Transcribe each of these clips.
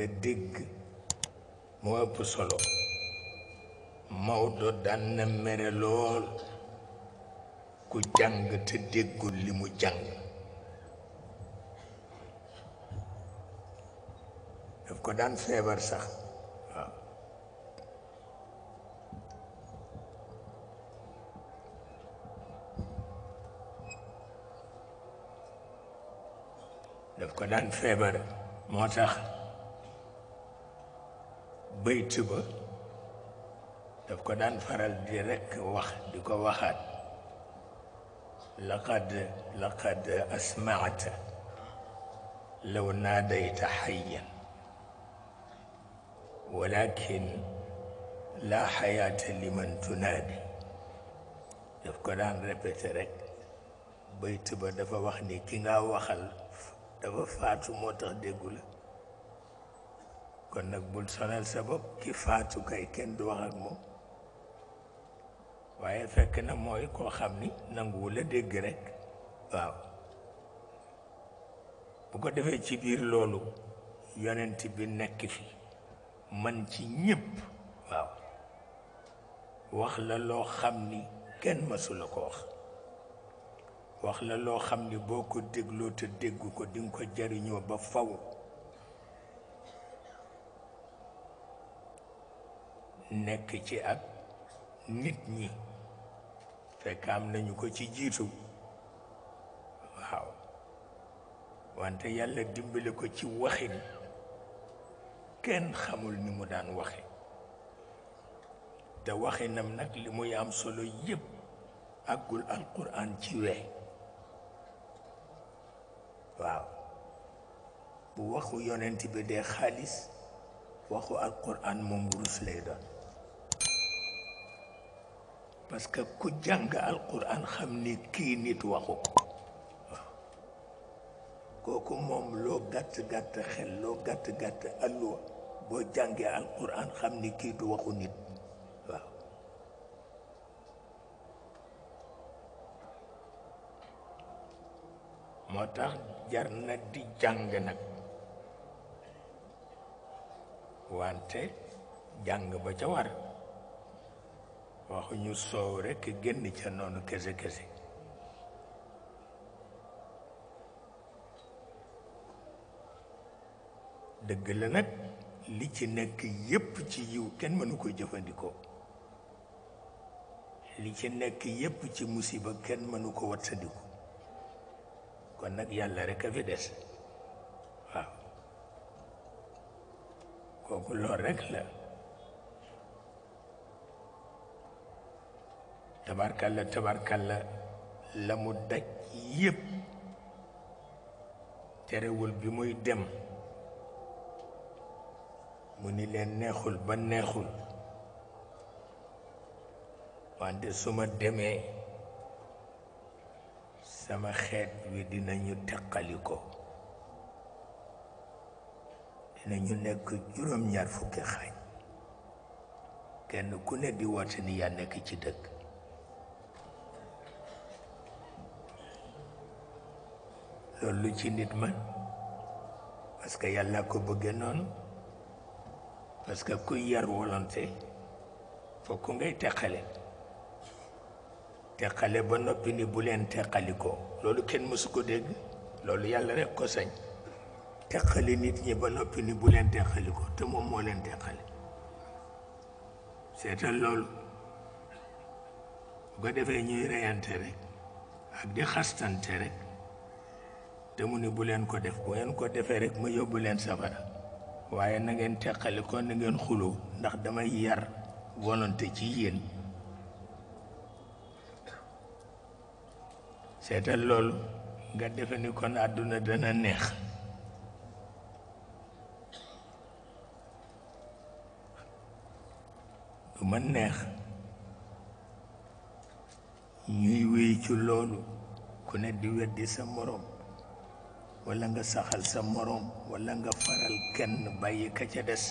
nga dégg moo ëpp solo Maodo daan na mere lool ku jàng te déggul li mu jàng daf ko daan feebar sax waaw daf ko daan feebar moo tax بيتبا دفكو دان فرال ديرك وخ ديكو وخات لقد لقد أسمعت لو ناديت حيا ولكن لا حياة لمن تنادي دفكو دان ريك بيتبا دفا وخني كيغا وخل دفا فاتو موتا ديكو kon nag bul sonal sa bopp ki faatu kay kenn du wax ak moom waaye fekk na mooy koo xam ni nanguwu la dégg rek waaw bu ko defee ci biir loolu yonent bi nekk fi man ci ñépp waaw wax la loo xam ni kenn ko wax wax la loo xam ni boo te dégg ko dinga ko jariñoo ba faw nekk ci ak nit ñi fekk am nañu ko ci jiitu waaw wante yàlla dimbali ko ci waxin kenn xamul ni mu daan waxe te waxinam nag li muy am solo yépp àggul alquran ci wee waaw bu waxu yonent bi dee xaalis waxu alquran moom rus lay doon parce que ku jàng alquran xam ni kii nit waxu kooku moom loo gàtt-gàtt xel loo gàtt-gàtt alluwa boo jàngee alquran xam ni kii du waxu nit moo tax jar na di jàng nag wante jàng ba ca war waxu ñu soow rekk génn ca noonu kese kese dëgg la nag li ci nekk yépp ci yiw kenn mënu ko jëfandikoo li ci nekk yépp ci musiba kenn mënu ko wattandiku kon nag yàlla rek a fi des waaw kooku lool rekk la tabarkalla tabarkalla la mu daj yépp terewul bi muy dem mu ni leen neexul ba neexul wante suma demee sama xeet wi dinañu teqali ko ñu nekk juróom-ñaar fukki xaaj kenn ku ne di woote ni yaa nekk ci dëkk loolu lu ci nit ma parce que yàlla ko bëggee noonu parce que kuy yar volonté fokk ngay teqale teqale ba noppi ni bu leen teqalikoo loolu kenn mësu ko dégg loolu yàlla rek ko sañ teqali nit ñi ba noppi ni bu leen teqalikoo te moom moo leen teqali seetal loolu bu ko defee ñuy reyante rek ak di xastante rek te mu ne bu leen ko def bu ngeen ko defee rek ma yóbbu leen safara waaye nangeen ngeen teqali ko xuloo ndax damay yar volonté ci yéen seetal loolu nga defe ni kon àdduna dana neex du neex ñuy wéy ci loolu ku ne di weddi sa moroom wala nga saxal sa moroom walla nga faral kenn bàyyi ka ca des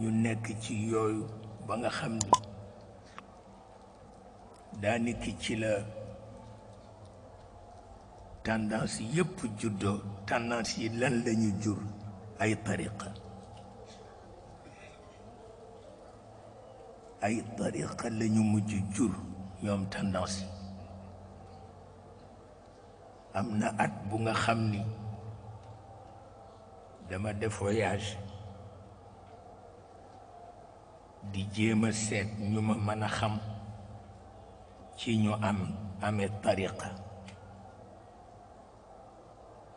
ñu nekk ci yooyu ba nga xam ni daaniki ci la tendance yépp juddoo tendance yi lan lañu jur ay tariqa ay tariqa lañu mujj jur ñoom tendance am na at bu nga xam ni dama def voyage di jéem a seet ñu ma mën a xam ci ñu am amee tariqa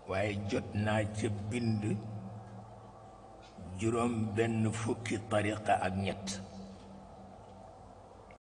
waaye jot naa ca bind juróom benn fukki tariqa ak ñett